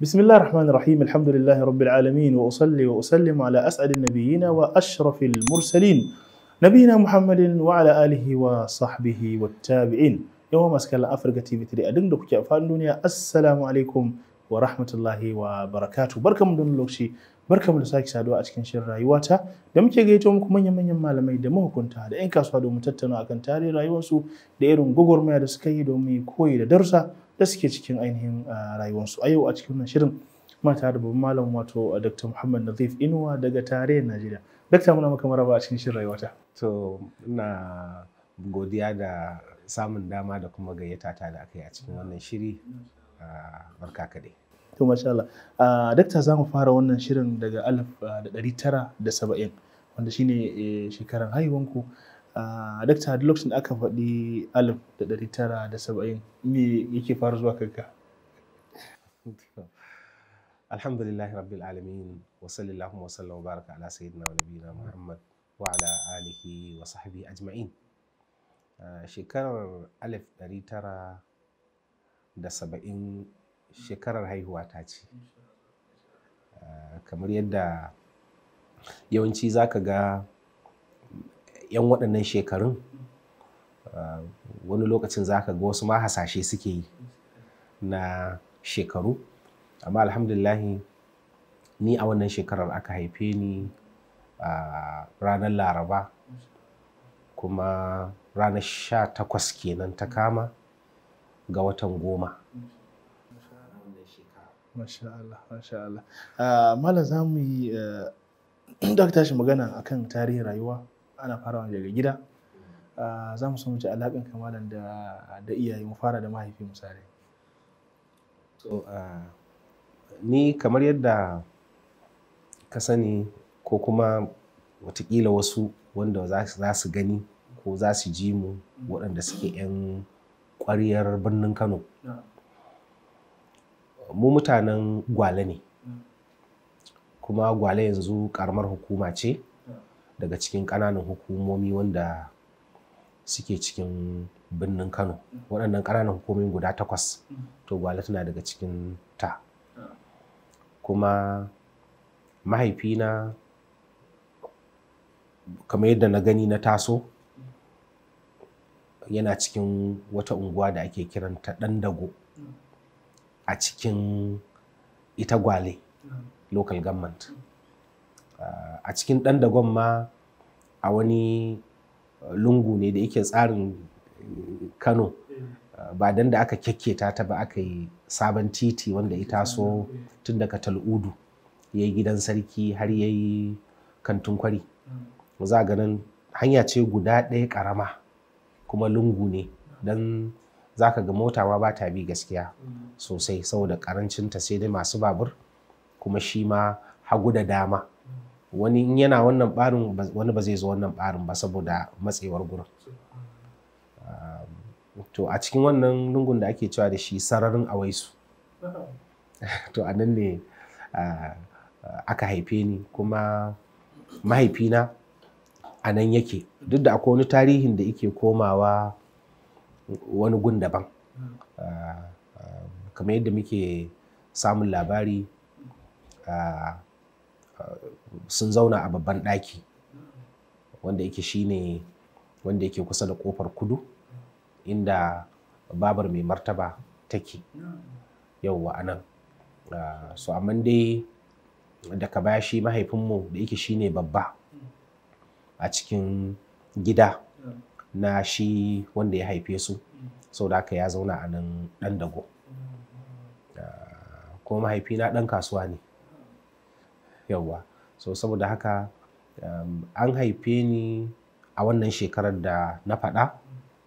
بسم الله الرحمن الرحيم الحمد لله رب العالمين وأصلي وأسلم على أسعد النبيين وأشرف المرسلين نبينا محمد وعلى آله وصحبه والتابعين يوم أسكال أفريقيا تي في تري أدن دوك الدنيا السلام عليكم ورحمة الله وبركاته بركة من دون اللوكشي بركة من sake saduwa a cikin shirin rayuwata da muke gaito muku manyan manyan malamai da mahukunta da 'yan kasuwa domin tattauna akan tarihin rayuwarsu da irin gwagwarmaya da suka da suke cikin ainihin ah, rayuwarsu a yau a cikin wannan shirin muna tare da babban malam wato ah, dr muhammad nazif inuwa daga tarayyar najeriya dakta muna maka maraba a cikin shirin rayuwata to ina godiya da samun dama da kuma gayyata ta da aka yi a cikin wannan shiri ah, barka ka dai to masha Allah dakta za mu fara wannan shirin daga alif ɗari tara da saba'in wanda shine eh, shekaran haihuwanku dakta duk lokacin da aka faɗi alif da ɗari tara da saba'in me yake faru zuwa kanka alhamdulillahi rabbil alamin wa sallallahu wa sallam wa baraka ala sayyidina wa nabiyina muhammad wa ala alihi wa sahbihi ajma'in shekarar alif ɗari tara da saba'in shekarar haihuwa ta ce kamar yadda yawanci za ka ga 'yan waɗannan shekarun ah, wani lokacin za ka ga wasu ma hasashe suke yi na shekaru amma alhamdulillahi ni a wannan shekarar aka haife ni a ah, ranar laraba kuma ranar sha takwas kenan ta kama ga watan goma ah, Mala za mu yi dakta eh, shi magana akan tarihin rayuwa ana farawa daga gida za mu samu mu ji kamalan da da iyaye mu fara da mahaifi misali to ni kamar yadda ka sani ko kuma watakila wasu wanda za su gani ko za su ji mu waɗanda suke 'yan ƙwariyar birnin kano mu mutanen gwale ne kuma gwale yanzu ƙaramar hukuma ce daga cikin ƙananan hukumomi wanda suke cikin birnin kano waɗannan ƙananan hukumomi guda takwas to gwale tana daga cikin ta kuma mahaifina kamar yadda na gani na taso yana cikin wata unguwa da ake kiranta ɗan dago a cikin ita gwale local government Ah, a cikin ɗan dagon ma a wani eh, lungu ne da yake tsarin eh, kano ah, ba dan da aka kyakketa ta ba aka yi sabon titi wanda ya taso tun daga tal'udu ya yi gidan sarki har ya yi kantin kwari za ga nan hanya ce guda ɗaya ƙarama kuma lungu ne don za ka ga mota ma ba ta bi gaskiya sosai saboda ƙarancinta sai dai masu babur kuma shi ma hagu da dama wani in yana wannan barin wani ba zai zo wannan barin ba saboda matsewar gurin um, to a cikin wannan lungun da ake cewa da shi sararin awaisu to a nan ne aka haife ni kuma mahaifina a nan yake duk da akwai wani tarihin da yake komawa wani gun daban kamar yadda muke samun labari sun zauna a babban ɗaki wanda yake shine wanda yake kusa da kofar kudu inda babar mai martaba take yauwa a nan ah, so amma dai daga baya shi mahaifinmu da yake shine babba a cikin gida na shi wanda ya haife su sau da haka ya zauna a nan ɗan dago ah, kuma mahaifina ɗan kasuwa ne yauwa so saboda haka um, an haife ni a wannan shekarar da na faɗa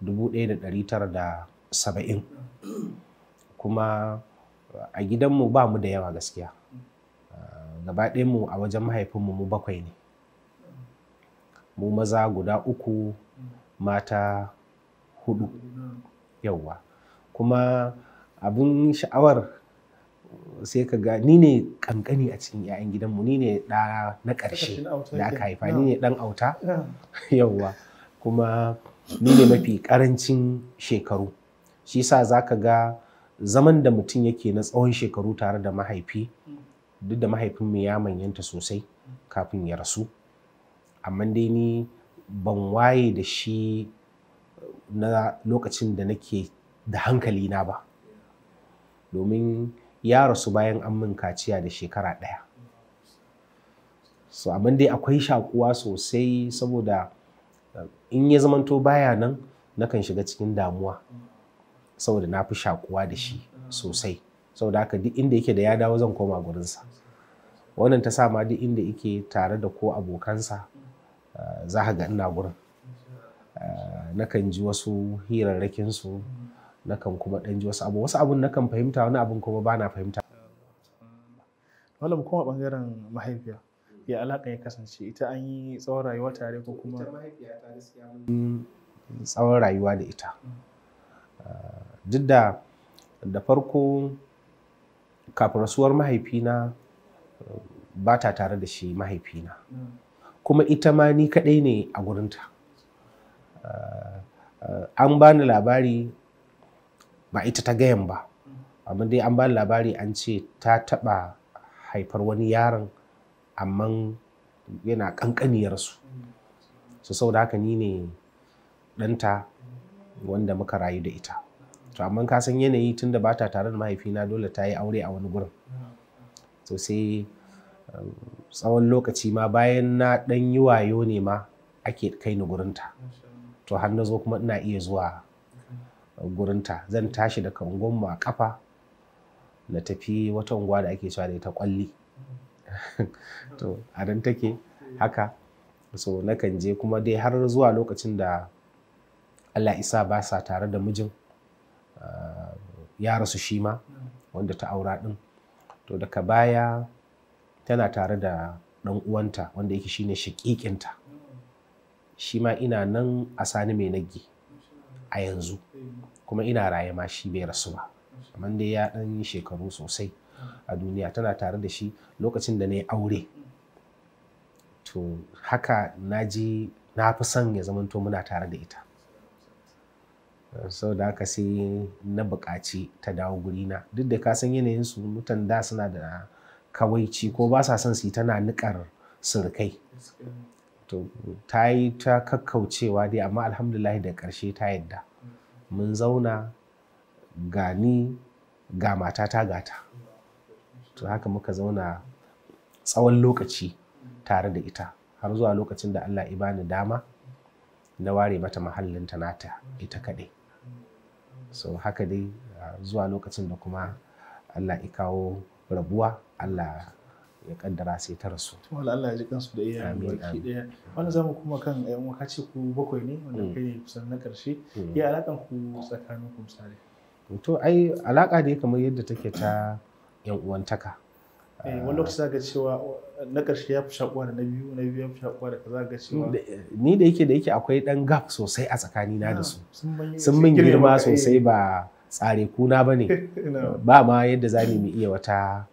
1970 kuma a gidanmu ba mu da yawa gaskiya uh, gaba mu a wajen mahaifinmu mu bakwai ne mu maza guda uku mata hudu yauwa kuma abin sha'awar sai ka ga ni ne kankani a cikin 'ya'yan gidanmu ni ne ɗa na ƙarshe da aka haifa ni ne ɗan auta yauwa kuma ni ne mafi ƙarancin shekaru shi sa za ka ga zaman da mutum yake na tsawon shekaru tare da mahaifi duk da mu ya manyanta sosai kafin ya rasu amma dai ni ban waye da shi na lokacin da nake da hankali na ba domin ya rasu bayan an min kaciya da shekara ɗaya so abin dai akwai shakuwa sosai saboda eh, in ya zamanto baya nan nakan shiga cikin damuwa saboda na fi shakuwa da shi sosai saboda haka duk inda yake da ya dawo zan koma gurinsa wannan ta sa ma duk inda yake tare da ko abokansa eh, za ga ina gurin eh, nakan ji wasu hirarrakinsu nakan kuma ɗan ji wasu abu wasu abun nakan fahimta wani abun kuma ba na fahimta. Malam kuma ɓangaren mahaifiya ya alaƙa ya kasance ita an yi tsawon rayuwa tare ko kuma. tsawon rayuwa da ita. Ah, duk da da farko kafin rasuwar mahaifina um, ba ta tare da shi mahaifina kuma ita ma ni kaɗai ne a gurinta ah, ah, an bani labari ba ita ta gayan ba amma dai an ba labari an ce ta taɓa haifar wani yaron amma yana kankaniyar su sau da haka ni ne ɗanta wanda muka rayu da ita to amma ka san yanayi tun da bata tare da mahaifina dole ta yi aure a wani gurin to sai um, tsawon lokaci ma bayan na ɗan yi wayo ne ma ake kai ni gurinta to har na zo kuma ina iya zuwa gurinta zan tashi daga unguwanmu a kafa na tafi wata unguwa da ake cewa da ita kwalli to a nan take haka so nakan je kuma dai har zuwa lokacin da allah isa ba sa tare da mijin eh, ya rasu shi ma wanda ta aura din to daga baya tana tare da ɗan uwanta wanda yake shine shiƙiƙinta, shi ma ina nan a sani mai nagge a yanzu kuma ina raye ma shi bai rasu ba amma dai ya ɗan yi shekaru sosai a duniya tana tare da shi lokacin da na yi aure to haka na ji na fi son ya zamanto muna tare da ita sau da aka sai na buƙaci ta dawo gurina duk da ka san yanayin su mutan da suna da kawaici ko ba sa son su yi tana niƙar surukai to ta yi ta kakkaucewa dai amma alhamdulahi da ƙarshe ta yadda mun zauna gani ga matata gata to haka muka zauna tsawon lokaci tare da ita har zuwa lokacin da Allah bani dama na ware mata mahallinta nata ita kaɗai so haka dai ah, zuwa lokacin da kuma Allah ya kawo rabuwa Allah ya kaddara sai ta rasu to Allah ya ji kansu da iyayen baki daya Wani zamu kuma kan ƴan uwa ce ku bakwai ne wanda mm. kai ne kusan na karshe mm. ya alaƙan ku tsakanin ku misali to ai da dai kamar yadda take ta ƴan uwantaka eh, wani lokaci za ga cewa na ƙarshe ya fi shaƙuwa da na biyu na biyu ya fi shaƙuwa da kaza ga cewa ni da yake da yake akwai ɗan gap sosai a tsakani na da ah, su sun min girma sosai eh. ba tsare kuna ba ne ba ma yadda za mu iya wata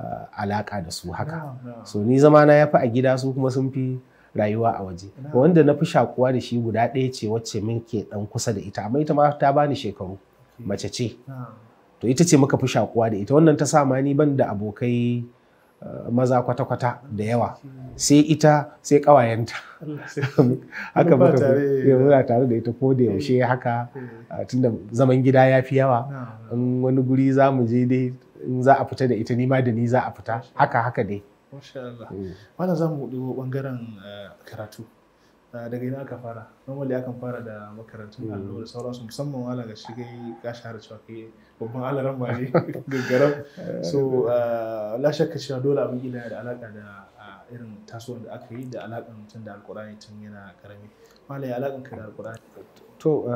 Eh, alaƙa da su haka so ni zama na yafi a gida su kuma sun fi rayuwa a waje wanda na fi shakuwa da shi guda ɗaya ce wacce min ke dan kusa da ita amma ita ma ta bani shekaru mace ce to ita ce muka fi shakuwa da ita wannan ta sa ma ni ban da abokai eh, maza kwata-kwata da yawa sai ita sai kawayenta haka muka muna tare da ita ko da yaushe eh. haka tunda zaman gida ya fi yawa in wani guri za mu je dai in za a fita da ita nima da ni za a fita haka haka dai Masha mm. za mu ɓangaren eh, karatu. Eh, daga ina aka fara? Normally akan fara da makarantun mm. allo da sauransu musamman wala ga shi gai cewa kai babban alaran ba ne gaggaran So eh, la shakka cewa dole abin gida da alaka da irin tasowar da aka yi da alakan mutum da alƙur'ani tun yana karami Malai alakan ka da To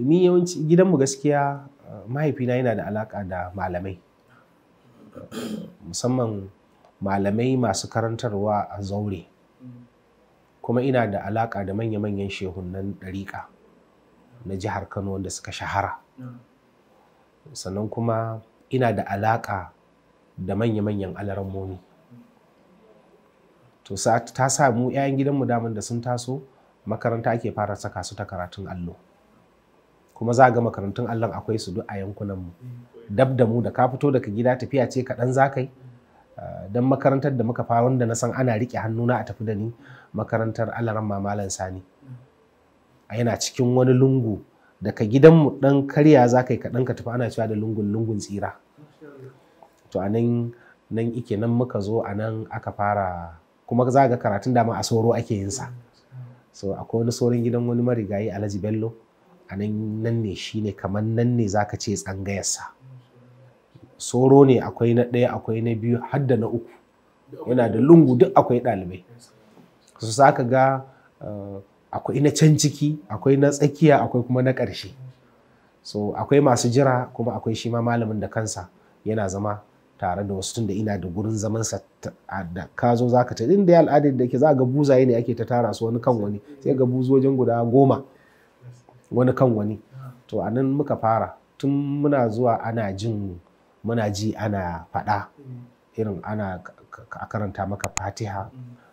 ni yawanci gidanmu gaskiya mahaifina yana da alaka da malamai musamman malamai masu karantarwa a zaure kuma ina da alaka da manya-manyan shehunan ɗariƙa na jihar kano wanda suka shahara sannan kuma ina da alaka da manya-manyan alarammomi to ta samu 'ya'yan gidanmu damar da sun taso makaranta ake fara saka su ta karatun allo kuma za ga makarantun allon akwai su duk a yankunan mu dab da mu da ka fito daga gida tafiya ce kaɗan za ka yi ah, don makarantar da muka fara wanda na san ana riƙe hannuna a tafi da ni makarantar alaran mamalan sani a yana cikin wani lungu daga mu ɗan karya za ka yi kaɗan ka tafi ana cewa da lungun lungun tsira to a nan nan ike nan muka zo a nan aka fara kuma za ga karatun dama a soro ake yin sa so akwai wani sorin gidan wani marigayi alhaji bello a nan ne shi ne kamar nan ne za ka ce tsangayarsa soro ne akwai na ɗaya akwai na biyu har da na uku yana da lungu duk akwai ɗalibai su za ka ga eh, akwai na can ciki akwai na tsakiya akwai kuma na ƙarshe so akwai masu jira kuma akwai shi ma malamin da kansa yana zama tare da wasu tunda ina da gurin zaman sa da ka zo za ka ta inda ya al'adar da ke za ga buzaye ne ake ta tara su wani kan wani sai ga buzu wajen guda goma wani kan wani to a nan muka fara tun muna zuwa ana jin muna ji ana faɗa irin ana a karanta maka fatiha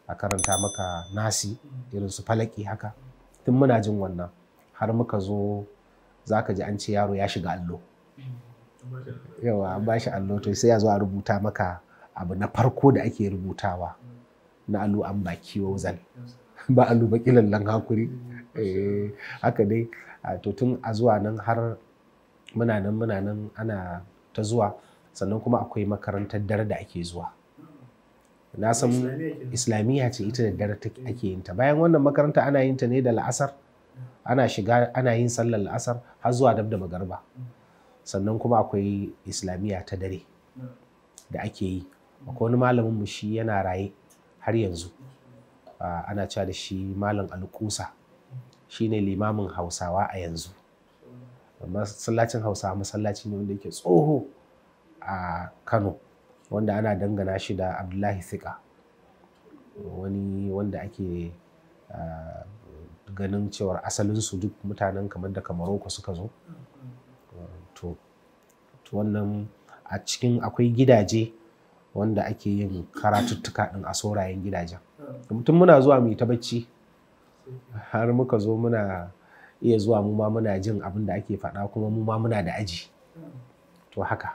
a karanta maka nasi irin su falaki haka tun muna jin wannan har muka zo za ka ji an ce yaro ya shiga allo yawa ba shi allo to sai ya zo a rubuta maka abu na farko da ake rubutawa na allo an baki wauzan ba allo baƙilallan hakuri Eh, haka dai ah, to tun a zuwa nan har muna nan muna nan ana ta zuwa sannan kuma akwai makarantar dare da ake zuwa na san islamiyya ce ita da dare ake yin ta bayan wannan makaranta ana yin ta ne da la'asar ana shiga ana yin sallar la'asar har zuwa dab da magarba sannan kuma akwai islamiyya ta dare da ake yi akwai wani malamin mu shi yana raye har yanzu ah, ana cewa da shi malam alkusa shine limamin hausawa a yanzu masallacin hausawa masallaci ne wanda yake tsoho a kano wanda ana dangana shi da abdullahi sika wani wanda ake ganin cewar asalinsu duk mutanen kamar da kamaroko suka zo to wannan a cikin akwai gidaje wanda ake yin karatuttuka din a saurayen gidajen mutum muna zuwa muyi ta bacci har muka zo muna iya zuwa mu ma muna jin abin da ake faɗa kuma mu ma muna da aji to haka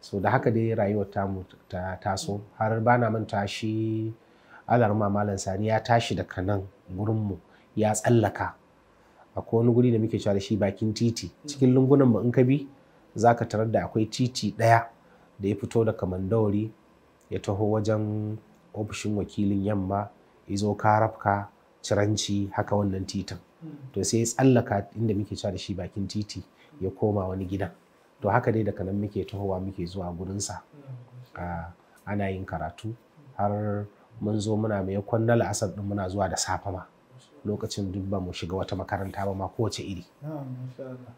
so da haka dai rayuwar ta taso har bana na manta shi alarma malam sani ya tashi daga nan mu ya tsallaka akwai wani guri da muke cewa da shi bakin titi cikin lungunan mu in ka bi za ka tarar da akwai titi daya da ya fito daga mandawari ya taho wajen ofishin wakilin yamma ya zo karafka ciranci haka wannan titin to sai ya tsallaka inda muke cewa da shi bakin titi ya koma wani gidan to haka dai daga nan muke tahowa muke zuwa gurinsa ana yin karatu har mun zo muna mai kwanna la'asar din muna zuwa da safe ma lokacin duk ba mu shiga wata makaranta ba ma kowace iri ah,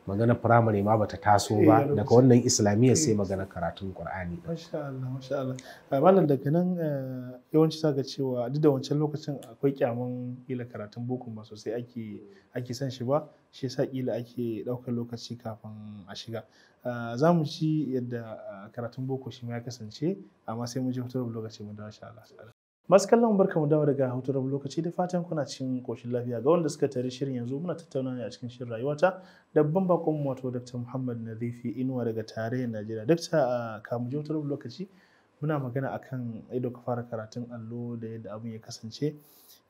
magana firamare ma bata taso ba eh, daga wannan islamiyya eh. sai magana karatun qur'ani masha Allah masha Allah ah, daga nan eh, yawanci ga cewa duk da wancan lokacin akwai kyamun ila karatun bukun ba sosai ake ake san shi ba shi sa kila ake daukar lokaci kafin a shiga ah, za mu ci yadda karatun boko shi ma ya kasance amma sai mu je fitar lokaci mu da sha Allah masu kallon barkamu dawo daga hutu rabu lokaci da fatan kuna cikin koshin lafiya ga wanda suka tare shirin yanzu muna tattauna ne a cikin shirin rayuwata da babban bakon wato dr muhammad nazifi inuwa daga tarayyar najeriya dakta a kamu rabu lokaci muna magana a kan ido ka fara karatun allo da yadda abin ya kasance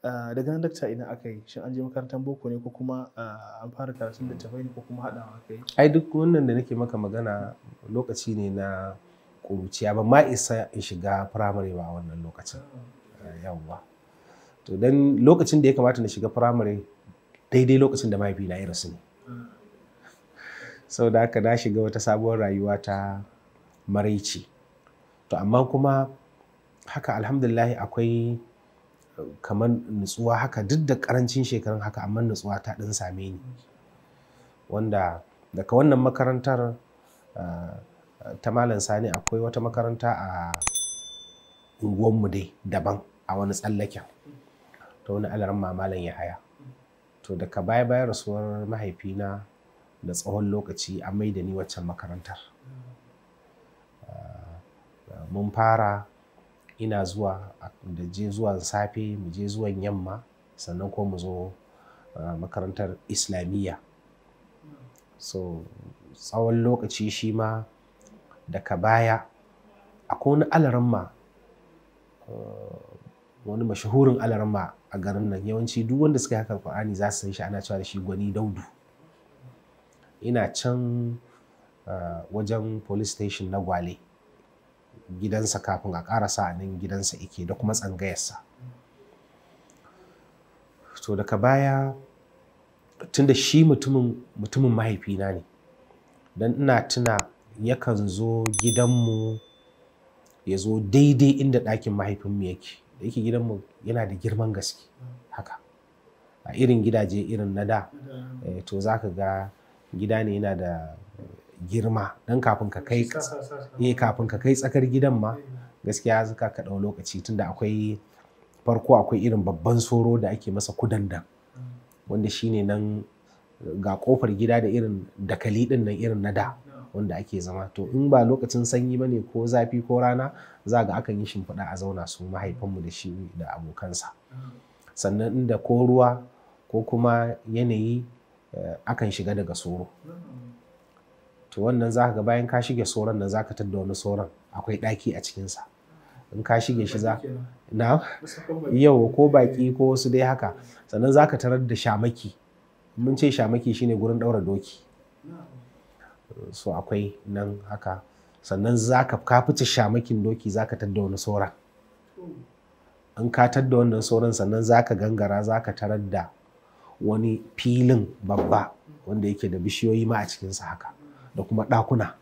daga nan dakta idan aka yi shin an je makarantar boko ne ko kuma an fara karatun tafai ne ko kuma haɗawa aka yi ai duk wannan da nake maka magana lokaci ne na ƙuruciya ba ma isa in shiga firamare ba a wannan lokacin ah. yawwa to dan lokacin da ya kamata na shiga firamare daidai lokacin da mahaifi na ya rasu ne sau da haka na shiga wata sabuwar rayuwa ta maraici to amma kuma haka alhamdulahi akwai eh, kamar nutsuwa haka duk da karancin shekarun haka amma nutsuwa ta ɗin same ni wanda daga wannan makarantar eh, ta malam sani akwai wata makaranta a unguwanmu dai daban a wani tsallaken ta wani alaran mamalan ya haya to daga baya baya rasuwar mahaifina da tsawon lokaci a mai da ni waccan makarantar ah, mun fara ina zuwa da je zuwan safe mu je zuwan yamma sannan ko mu zo ah, makarantar islamiyya so tsawon lokaci shi ma daga baya akwai wani ma. wani mashahurin alarma a garin nan yawanci duk wanda suka yi hakan qur'ani za su san shi ana cewa da shi gwani daudu ina can ah, wajen police station na gwale gidansa kafin a karasa sa nan gidansa ike da kuma tsangayarsa to daga baya tun da shi mutumin mahaifina ne don ina tuna yakan zo gidanmu ya zo daidai inda ɗakin mahaifinmu yake da yake gidanmu yana da girman gaske haka a irin gidaje irin na da eh, to za ka ga gida ne yana da girma don kafin ka kai eh, kafin ka kai tsakar gidan ma gaskiya zaka ka ɗau lokaci tunda akwai farko akwai irin babban soro da ake masa kudanda wanda shine nan ga kofar gida da irin dakali din nan irin na da wanda ake zama to in ba lokacin sanyi ba ne ko zafi ko rana za ga akan yi shimfiɗa a zauna su mahaifinmu da shi da abokansa sannan inda ko ruwa ko kuma yanayi eh, akan shiga daga soro to wannan za ga bayan ka shige soron nan za ka tadda wani soron akwai ɗaki a cikinsa in ka shige shi za na yau ko baki ko wasu dai haka sannan za ka tarar da shamaki mun ce shamaki shine gurin ɗaura doki so akwai nan haka sannan za ka fice shamakin doki zaka ka tadda wani sora in ka tadda wannan sauran sannan za ka gangara za ka tarar da wani filin babba wanda yake da bishiyoyi ma a cikinsa haka da kuma ɗakuna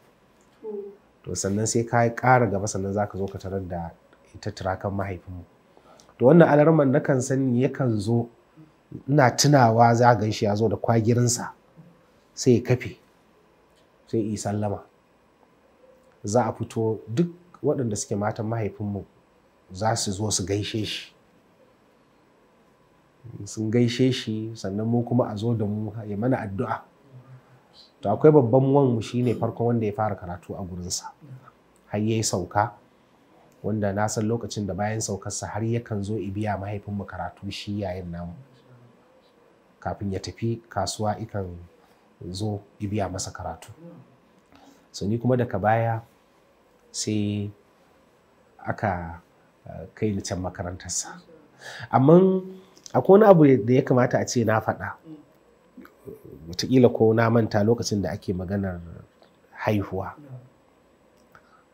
to sannan sai ka kara gaba sannan za ka zo ka tarar da ita turakan mahaifinmu to wannan alarman na kan sani yakan zo ina tunawa za gan shi ya zo da kwagirinsa sai ya kafe sai yi sallama za a fito duk waɗanda suke matan mahaifinmu za su zo su gaishe shi sun gaishe shi sannan mu kuma a zo da mu ya mana addu'a to akwai babban wanmu ne farkon wanda ya fara karatu a gurinsa har ya yi sauka wanda na san lokacin da bayan saukarsa har yakan zo ibiya mahaifinmu karatu shi yayin namu kafin ya tafi kasuwa ikan zo ya biya masa karatu so ni kuma daga baya sai aka eh, kai ni can makarantarsa amma akwai wani abu da ya kamata a ce na faɗa wataƙila ko na manta lokacin da ake maganar haihuwa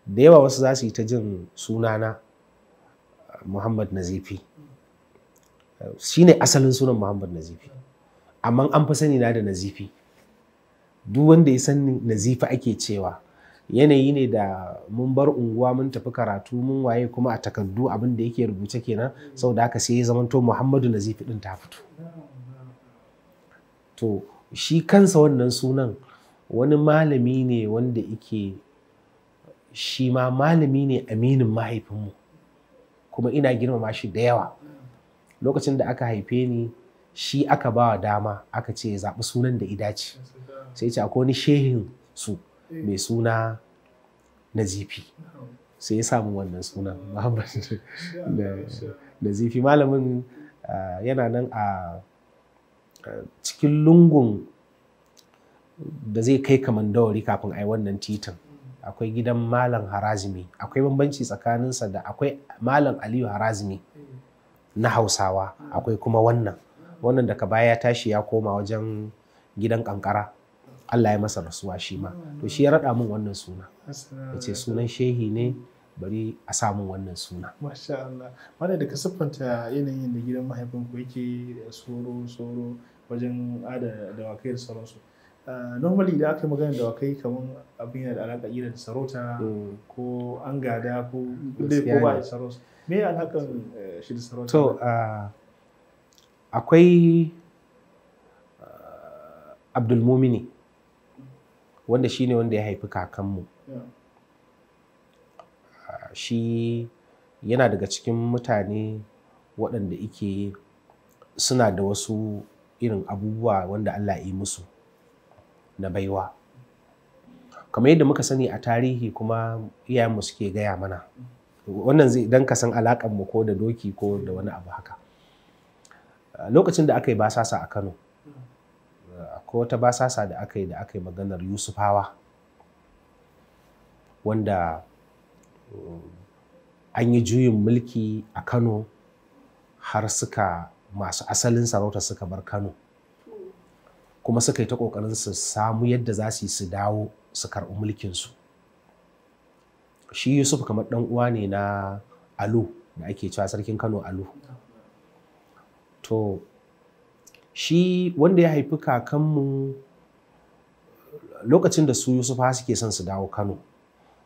da yawa wasu za su yi ta jin sunana eh, muhammad nazifi eh, shine asalin sunan muhammad nazifi amma an fi sani na da nazifi duk wanda ya san nazifa ake cewa yanayi ne da mun bar unguwa mun tafi karatu mun waye kuma a takardu abin da yake rubuce kenan saboda haka sai ya zamanto muhammadu nazifi din ta fito to shi kansa wannan sunan wani malami ne wanda ike shi ma malami ne aminin mahaifinmu kuma ina girmama shi da yawa lokacin da aka haife ni shi aka ba wa dama aka ce zaɓi sunan da idaci. dace sai ce akwai wani shehin su eh. mai suna nazifi sai ya samu wannan suna ah. muhammad nazifi malamin ah, yana nan a cikin lungun da zai kai kaman dawari kafin a yi wannan titin akwai gidan malam harazimi akwai bambanci tsakaninsa da akwai malam aliyu harazimi eh. na hausawa ah. akwai kuma wannan wannan daga baya ya tashi ya koma wajen gidan kankara Allah ya masa rasuwa shi ma to shi ya raɗa min wannan suna ya ce sunan shehi ne bari a samun wannan suna. Masha Allah, wadda da ka siffanta yanayin da gidan mahaifinku yake tsoro tsoro wajen ada dawakai da sauransu. Ah, normally da aka yi magana dawakai kamar abin yana da alaƙa ira da sarauta mm. ko an gada ko dai ko ba da sarauta. Me ya alaƙan eh, shi da sarauta? To, ah, akwai ah, Abdulmumini wanda shi ne wanda ya haifi kakanmu shi yana daga cikin mutane waɗanda ike suna da wasu irin abubuwa wanda Allah yi musu na baiwa kamar yadda muka sani a tarihi kuma iyayenmu suke gaya mana wannan zai dan ka san alaƙanmu ko da doki ko da wani abu haka lokacin da aka yi basasa a kano Ko wata basasa da aka yi da aka yi maganar yusufawa wanda um, an yi juyin mulki a kano har suka masu asalin sarauta suka bar kano kuma suka yi ta ƙoƙarin su samu yadda za su yi su dawo su karɓi mulkinsu shi yusuf kamar ɗan uwa ne na alu da ake cewa sarkin kano alu to shi wanda ya haifi kakanmu lokacin da su yusuf ha suke son su dawo kano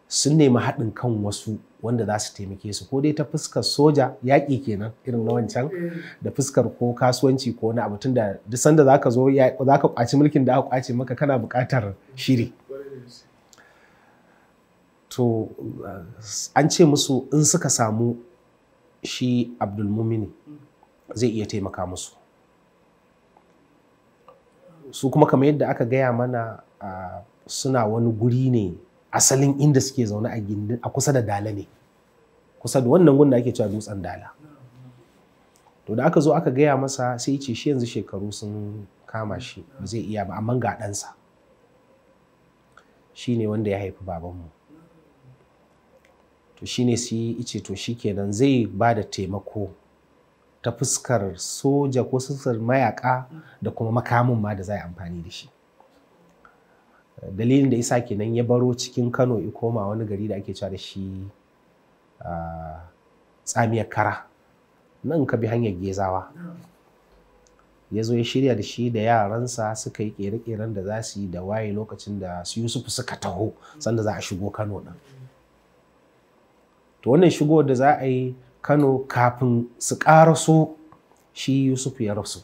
sun nemi haɗin kan wasu wanda za su taimake su ko dai ta fuskar soja yaƙi kenan irin na wancan da fuskar ko kasuwanci ko wani abu tunda duk sanda za ka zo za ka kwaci mulkin da aka ƙwace maka kana buƙatar shiri to an ce musu in suka samu shi abdulmumini zai iya taimaka musu su kuma kamar yadda aka gaya mana suna wani guri ne asalin inda suke zaune a gindin a kusa da dala ne kusa da wannan gun da ake cewa dutsen dala to da aka zo aka gaya masa sai ce shi yanzu shekaru sun kama shi ba zai iya ba amma ga ɗansa shi ne wanda ya haifi babanmu to shi ne su yi ice to shi kenan zai ba da taimako ta fuskar soja ko fuskar mayaka da kuma makamin ma da za a amfani da shi dalilin da isa kenan ya baro cikin kano ya koma wani gari da ake cewa da shi tsamiyar kara nan ka bi hanyar gezawa ya zo ya shirya da shi da yaransa suka yi kere-keren da za su yi da waye lokacin da su yusufu suka taho sanda za a shigo kano ɗin to wannan shigo da za a yi kano kafin su ƙaraso shi yusuf ya rasu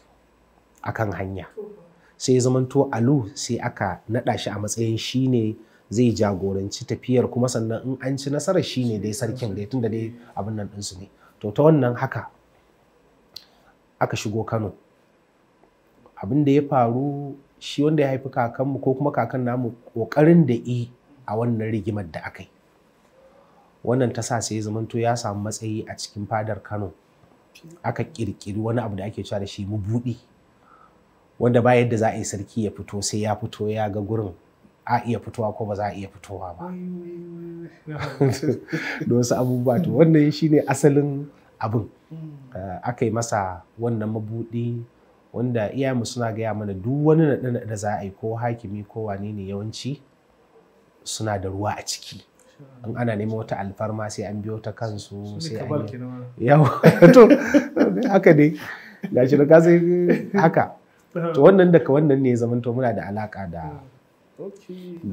a kan hanya sai zamanto alu sai aka naɗa shi a matsayin shi ne zai jagoranci tafiyar kuma sannan in an ci nasarar shi ne dai sarkin dai tunda dai abin nan ɗinsu ne to ta wannan haka aka shigo kano abin da ya faru shi wanda ya haifi kakanmu ko kuma kakan namu ƙoƙarin da yi a wannan rigimar da aka yi wannan ta sa sai zamanto ya samu matsayi a cikin fadar kano aka kirkiri wani abu da ake cewa da shi mabuɗi, wanda ba yadda za a yi sarki ya fito sai ya fito ya ga gurin a iya fitowa ko ba za a iya fitowa ba da wasu abubuwa to wannan shine asalin abin mm. eh, aka yi masa wannan mabudi wanda iyayenmu suna gaya mana duk wani da za a yi ko hakimi ko wane ne yawanci suna da ruwa a ciki in ana nemo wata alfarma sai an biyo ta kansu sai an yi yawa to haka dai shi da sai haka to wannan daga wannan ne zaman to muna da alaka da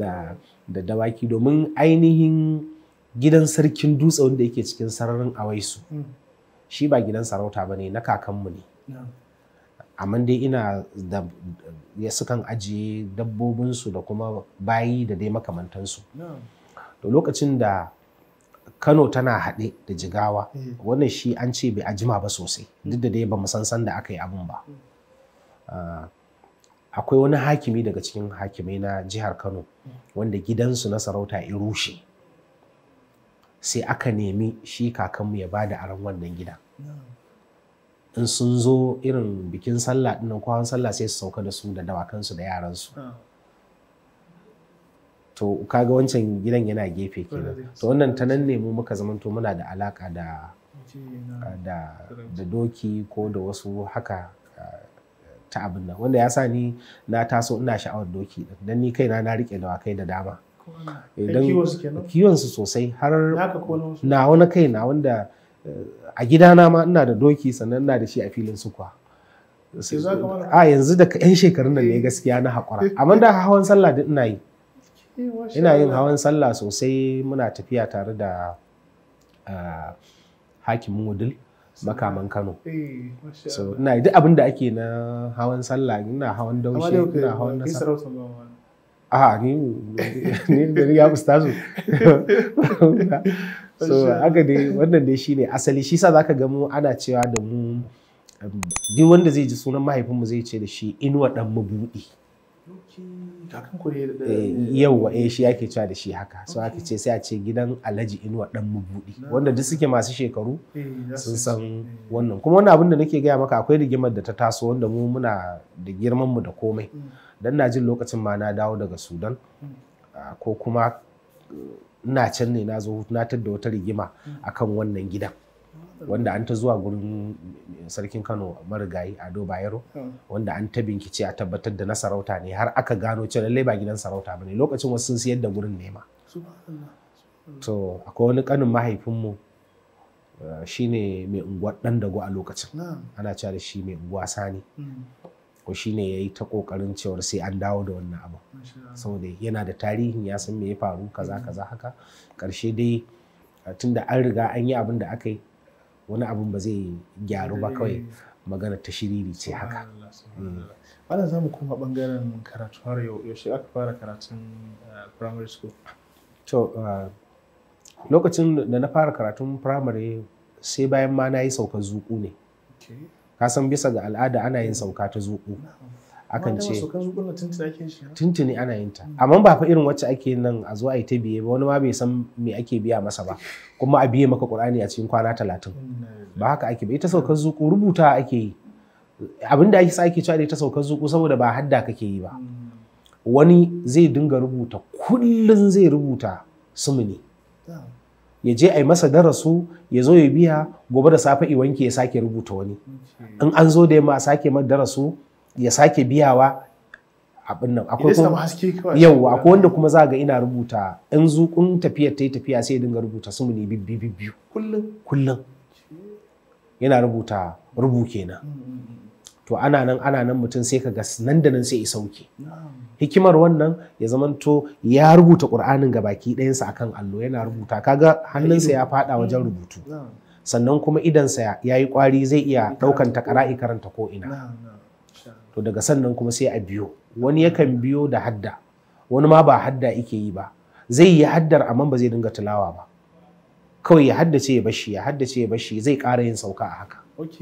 da da dawaki domin ainihin gidan sarkin dutse wanda yake cikin sararin awaisu hmm. shi ba gidan sarauta ba ne na kakanmu ne amma dai ina da ya sukan ajiye dabbobinsu da kuma bayi da dai makamantansu to lokacin da kano tana haɗe da jigawa mm. wannan shi an ce bai ajima ba sosai mm. duk da dai ba san san da aka yi abin ba mm. ah, akwai wani hakimi daga cikin hakimai na jihar kano wanda gidansu na sarauta ya rushe sai aka nemi shi kakanmu ya ba da aron wannan gida in sun zo irin bikin sallah ɗinnan kwanan sallah sai su sauka da su da dawakansu da yaransu ah. to kaga wancan gidan yana gefe kenan to wannan ta nan ne mu muka zamanto muna da alaka da ah, da doki ko da wasu haka ah, ta abin nan wanda ya sa ni na taso ina sha'awar doki dan ni kaina na rike dawakai da dama eh, idan kiwon su sosai har na wani kaina wanda eh, a gidana ma ina da doki sannan ina da shi a filin sukwa a ah, yanzu daga 'yan shekarun nan ne gaskiya na haƙura amma da hawan sallah da ina yi Eh, ina yin hawan sallah sosai muna tafiya tare da ah, hakimin wudil makaman kano eh, so ina duk abin da ake na hawan sallah ina hawan daushe ina hawan nasa a ni ni da ya fusta su so haka dai wannan dai shine asali shi sa zaka ga mu ana cewa da mu um, duk wanda zai ji sunan mahaifinmu zai ce da shi inuwa dan mabudi Eh, yauwa eh shi ake cewa da shi haka so ake ce sai a ce gidan alhaji inuwa dan mabudi wanda duk suke masu shekaru eh, sun san eh. wannan kuma wani abin da nake gaya maka akwai rigimar da ta taso wanda mu muna da girman mu da komai hmm. dan na jin lokacin ma na dawo daga sudan hmm. ko kuma ina can ne na zo na tadda wata rigima hmm. akan wannan gidan wanda an ta zuwa gurin sarkin kano marigayi ado bayero hmm. wanda an ta binkice a tabbatar da na sarauta ne har aka gano cewa lallai ba gidan sarauta ba ne lokacin wasu sun siyar da gurin nema to akwai wani kanin mahaifinmu eh, shine mai unguwar dan dago a lokacin ana cewa da shi mai unguwa sani hmm. ko shine yayi ta kokarin cewar sai an dawo da wannan abu saboda yana da tarihin ya san me ya faru kaza hmm. kaza haka karshe dai tunda an riga an yi abin da aka yi wani abin ba zai gyaru ba kawai eh. magana ta shiriri ce haka ana za mu koma bangaren karatu har yau yaushe aka fara karatun eh, primary school to ah, lokacin da na fara karatun primary sai bayan ma na yi sauka zuku ne kasan bisa ga al'ada ana yin sauka ta zuku akan ce tuntuni ana yin ta amma ba fa irin wacce ake nan a zo a ta biye ba wani ma bai san me ake biya masa ba kuma a biye maka qur'ani a cikin kwana talatin ba haka ake ba ita saukar zuku rubuta ake yi abinda ake sa ake cewa ita saukar zuku saboda ba hadda kake yi ba wani zai dinga rubuta kullum zai rubuta sumuni ya je a masa darasu ya zo ya biya gobe da safe wanke ya sake rubuta wani in an zo da yamma a sake masa darasu ya sake biyawa abin nan akwai kuma yau akwai wanda kuma za ga ina rubuta in zuƙun tafiyar ta yi tafiya sai dinga rubuta su ne bibbi bibbi kullum kullum yana rubuta rubu kenan mm, mm, mm, to ana nan ana nan mutum sai ka ga nan da nan sai ya sauke hikimar wannan ya zamanto ya rubuta qur'anin ga baki ɗayansa akan allo yana rubuta kaga hannunsa ya fada wajen rubutu sannan kuma idansa ya yi kwari zai iya ɗaukan takara'i karanta ko ina to daga sannan kuma sai a biyo wani yakan biyo da hadda wani ma ba hadda yake yi ba zai yi haddar amma ba zai dinga tilawa ba kawai ya haddace ya bashi ya haddace ya bashi zai ƙara yin sauka a haka ok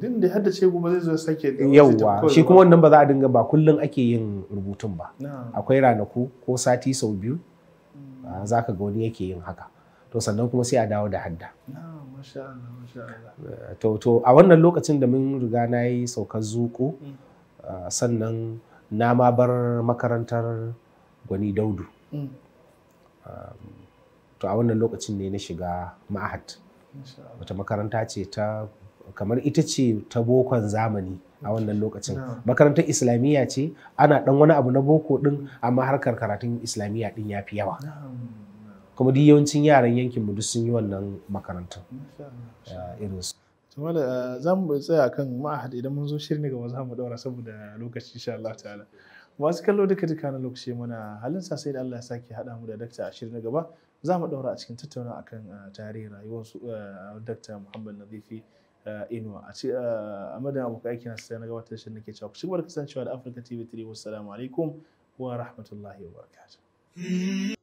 din da haddace kuma zai zo sake yauwa shi kuma wannan ba za a dinga ba kullum ake yin rubutun ba akwai ranaku ko sati sau biyu hmm. ah, za ka ga wani yake yin haka to sannan kuma sai a dawo da hadda eh, to a wannan lokacin da mun riga na yi saukar zuƙo hmm. Ah, sannan na ma bar makarantar gwani daudu mm. ah, to a wannan lokacin ne na shiga ma'ahad wata makaranta ce ta kamar ita ce ta bokon zamani a wannan lokacin makarantar islamiyya ce ana dan wani abu na boko din amma harkar karatun islamiyya din ya fi yawa kuma duk yawancin yaran yankin mu duk sun yi wannan makarantar ah, irinsu Tumala eh, za mu tsaya kan ma'ahad idan mun zo shirin gaba za mu daura saboda lokaci insha Allah ta'ala. Masu kallo duka duka na lokaci muna halin sa sai da Allah ya sake haɗa mu da dakta a shirin gaba za mu daura a cikin tattauna akan eh, tarihin rayuwar su eh, dakta Muhammad Nazifi Inuwa. A ci a madadin abokan aiki na sai na gabatar shirin nake cewa ku ci kasancewa da Africa TV 3 wassalamu alaikum wa rahmatullahi wa barakatuh.